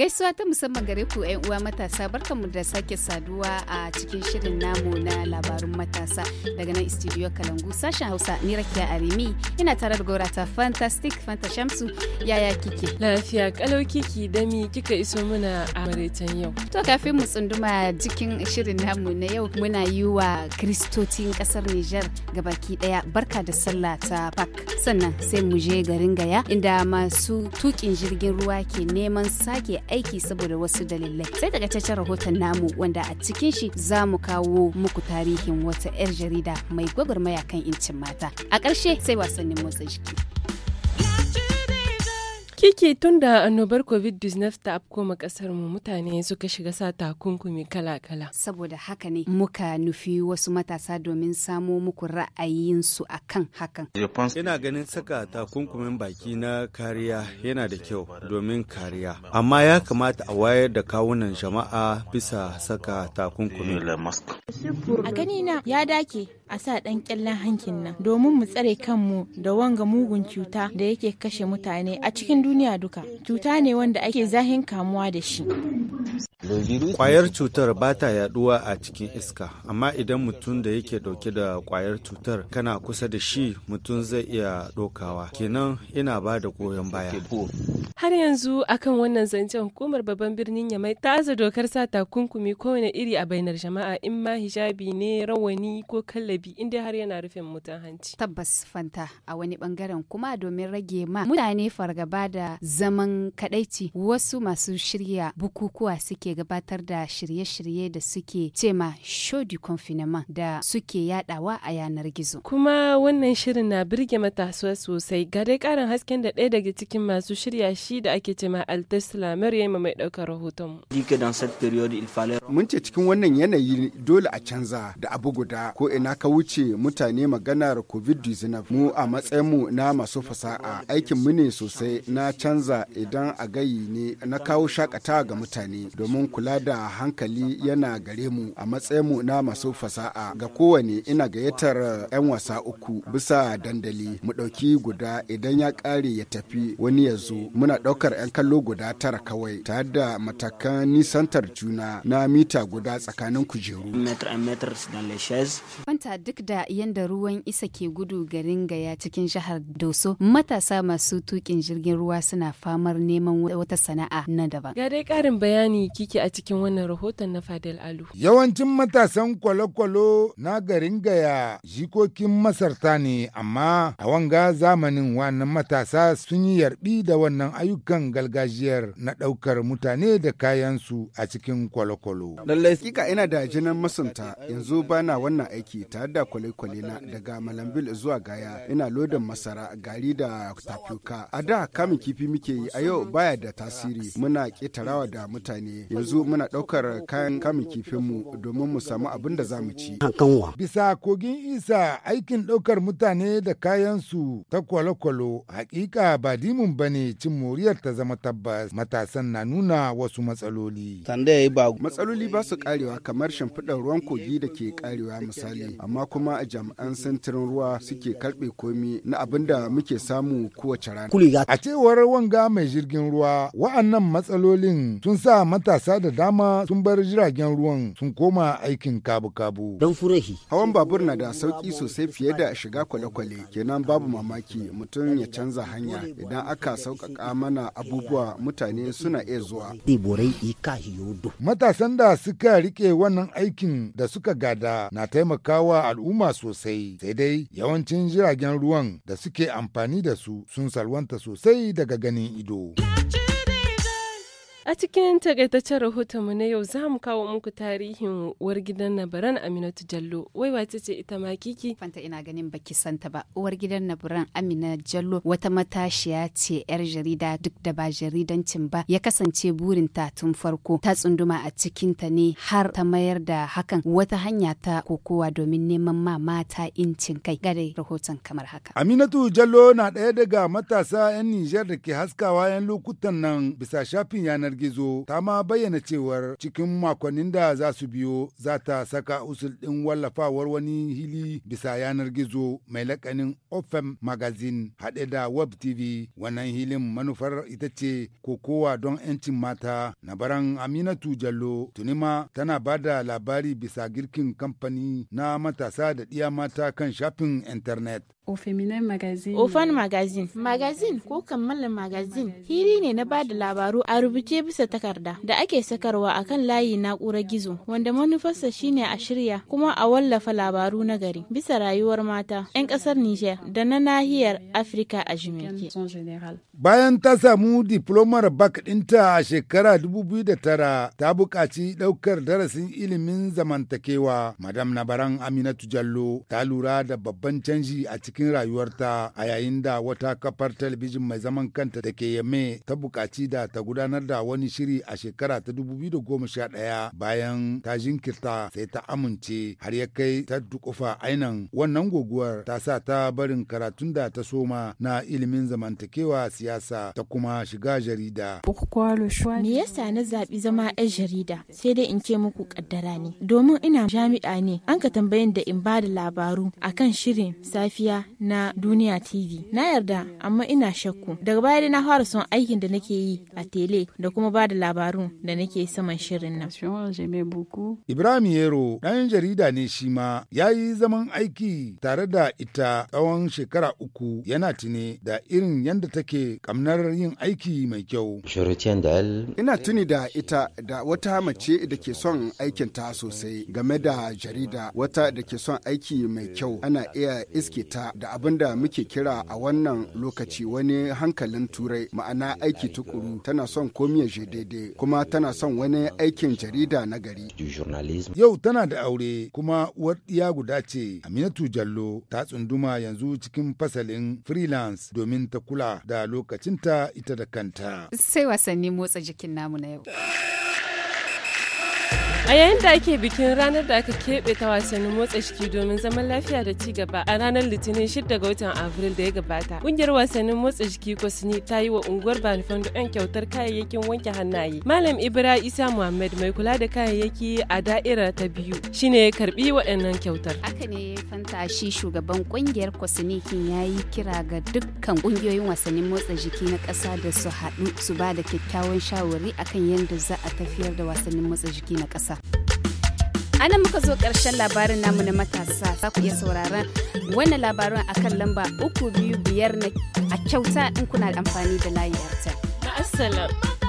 Gaisuwa ta musamman gare ku 'yan uwa matasa barkanmu da sake saduwa a cikin shirin namu na labarun matasa daga nan studio Kalangu sashen Hausa ni Rakiya Arimi ina tare da gorata Fantastic Fanta Shamsu yaya kike? Lafiya kalau kiki dami kika iso muna a maraitan yau. To kafin mu tsunduma cikin shirin namu na yau muna yi wa kiristocin kasar Nijar gabaki daya barka da sallah ta Pak sannan sai mu je garin Gaya inda masu tukin jirgin ruwa ke neman sake aiki saboda wasu dalilai sai daga takaitaccen rahoton namu wanda a cikin shi za mu kawo muku tarihin wata 'yar jarida mai gwagwarmaya kan incin mata a ƙarshe sai wasannin motsa jiki Kiki tun da annobar COVID-19 ta afkoma kasar mu mutane suka shiga sa takunkumi kala-kala. Saboda haka ne muka nufi wasu matasa domin samo muku ra'ayinsu a kan hakan. Yana ganin saka takunkumin baki na kariya yana da kyau domin kariya. Amma ya kamata a wayar da kawunan jama'a bisa saka takunkumi. A gani na ya dake a sa ɗan kyallen hankin nan domin mu tsare kanmu da wanga mugun cuta da yake kashe mutane a cikin duniya duka cuta ne wanda ake zahin kamuwa da shi kwayar cutar ba ta yaduwa a cikin iska amma idan mutum da yake dauke da kwayar cutar kana kusa da shi mutum zai iya dokawa kenan ina ba da goyon baya har yanzu akan wannan zancen hukumar babban birnin ya mai taza dokar sa takunkumi kowane iri a bainar jama'a in ma hijabi ne rawani ko kallabi inda har yana rufin mutan hanci tabbas fanta a wani bangaren kuma domin rage ma mutane fargaba da da zaman kadaici wasu masu shirya bukukuwa suke gabatar da shirye-shirye da suke cema show du confinement da suke yadawa a yanar gizo. Kuma wannan shirin na birge matasa sosai ga dai karin hasken da ɗaya daga cikin masu shirya shi da ake cema Altasla Maryam mai daukar rahoton. Mun ce cikin wannan yanayi dole a canza da abu guda ko ina ka wuce mutane maganar COVID-19 mu a matsayin mu na masu fasa'a aikin mu ne sosai na a canza idan a gayi ne na kawo shakatawa ga mutane domin kula da hankali yana gare mu a matsayin mu na masu fasaha. ga kowane ina gayyatar 'yan wasa uku bisa dandali mu ɗauki guda idan ya ƙare ya tafi wani ya zo muna ɗaukar 'yan kallo guda tara kawai tare da matakan nisantar juna na mita guda tsakanin kujeru. Kwanta duk da yanda ruwan isa ke gudu garin gaya cikin jihar Doso matasa masu tukin jirgin ruwa suna famar neman wata sana'a na daban. Ga dai ƙarin bayani kike a cikin wannan rahoton na Fadel Alu. Yawancin matasan kwalo na garin Gaya jikokin masarta ne amma a wanga zamanin wannan matasa sun yi yarbi da wannan ayyukan galgajiyar na ɗaukar mutane da kayansu a cikin kwalo Lallai kika ina da jinan masunta yanzu bana wannan aiki tare da kwale-kwale na daga Malambil zuwa Gaya ina lodin masara gari da tapioca. A da kamin kifi muke yi a yau baya da tasiri muna ƙetarawa da mutane yanzu muna ɗaukar kayan kamun kifinmu domin mu samu abin da za mu ci. Bisa kogin isa aikin ɗaukar mutane da kayansu ta kwalokwalo kwalo hakika ba dimun ba ne cin moriyar ta zama tabbas matasan na nuna wasu matsaloli. Matsaloli ba su karewa kamar shimfiɗar ruwan kogi da ke karewa misali amma kuma a jami'an sintirin ruwa suke karɓe komi na abin da muke samu kowace rana. A cewar faruwar wanga mai jirgin ruwa wa'annan matsalolin sun sa matasa da dama sun bar jiragen ruwan sun koma aikin kabu-kabu. Don furahi. Hawan babur na da sauki sosai fiye da shiga kwale-kwale kenan babu mamaki mutum ya canza hanya idan aka sauƙaƙa mana abubuwa mutane suna iya zuwa. Matasan da suka riƙe wannan aikin da suka gada na taimakawa al'umma sosai sai dai yawancin jiragen ruwan da suke amfani da su sun salwanta sosai daga daga ganin ido. A cikin takaitaccen mu na yau za mu kawo muku tarihin uwar gidan Nabaran Aminatu Jallo. Wai wace ce ita ma kiki? Fanta ina ganin baki santa ba. Uwar gidan Nabaran Amina Jallo wata matashiya ce 'yar jarida duk da ba jaridancin ba ya kasance burin ta tun farko. Ta tsunduma a cikinta ne har ta mayar da hakan wata hanya ta kokowa domin neman ma mata incin kai. Gare rahoton kamar haka. Aminatu Jallo na ɗaya daga matasa 'yan Nijar da ke haskawa 'yan lokutan nan bisa shafin yanar gizo ta ma bayyana cewar cikin makonnin da za su biyo za ta saka usul ɗin wallafawar wani hili bisa yanar gizo mai lakanin ofem magazine haɗe da web tv wannan hilin manufar ita ce kokowa don 'yancin mata na baran aminatu jallo tunima tana ba da labari bisa girkin kamfani na matasa da ɗiya mata kan shafin intanet Ofan magazine. ko kammala magazine hiri ne na ba da labaru a rubuce bisa takarda da ake sakarwa a kan layi na'urar gizo wanda manufarsa shine a shirya kuma a wallafa labaru na gari bisa rayuwar mata 'yan kasar niger da na nahiyar Afirka a jimirke. Bayan ta samu diplomar bak ɗinta a shekara 2009 ta buƙaci ɗaukar darasin ilimin zamantakewa. Madam Nabaran Aminatu Jallo ta lura da babban canji a cikin rayuwarta a yayin da wata kafar talabijin mai zaman kanta da ke yame ta buƙaci da ta gudanar da wani shiri a shekara ta 2011 bayan ta jinkirta sai ta amince har ya kai ta dukufa ainan wannan guguwar ta sa ta barin karatun da ta soma na ilimin zamantakewa siyasa ta kuma shiga jarida. Me yasa na zaɓi zama a jarida sai dai in ke muku kaddara ne domin ina jami'a ne an ka tambayin da in ba da labaru akan shirin safiya na duniya tv na yarda amma ina shakku daga baya dai na fara son aikin da nake yi a tele da kuma kuma ba da labarun da nake saman shirin nan. Ibrahim Yero ɗan jarida ne shi ma ya yi zaman aiki tare da ita tsawon shekara uku yana tuni da irin yadda take kamnar yin aiki mai kyau. Ina tuni da ita da wata mace da ke son aikinta sosai game da jarida wata da ke son aiki mai kyau ana iya iske ta da abin da muke kira a wannan lokaci wani hankalin turai ma'ana aiki tukuru tana son komi shi daidai kuma tana son wani aikin jarida na gari. Yau tana da aure kuma uwar ɗiya guda ce Aminatu Jallo ta tsunduma yanzu cikin fasalin freelance domin ta kula da lokacinta ita da kanta. Sai wasanni motsa jikin namu na yau. A yayin da ake bikin ranar da aka keɓe ta wasannin motsa jiki domin zaman lafiya da ci gaba a ranar Litinin 6 ga watan Afril da ya gabata, ƙungiyar wasannin motsa jiki Kwasini ta yi wa unguwar Fando 'yan kyautar kayayyakin wanke hannaye. Malam Ibra Isa Muhammad mai kula da kayayyaki a da'ira ta biyu shine ya karbi waɗannan kyautar. Haka ne fanta shi shugaban ƙungiyar Kwasini kin ya kira ga dukkan ƙungiyoyin wasannin motsa jiki na ƙasa da su haɗu su ba da kyakkyawan shawari akan yadda za a tafiyar da wasannin motsa jiki na ƙasa. ana muka zo ƙarshen labarin namu na matasa za ku iya sauraron wannan labarin akan lamba uku biyu biyar a kyauta in kuna amfani da layi Assalam.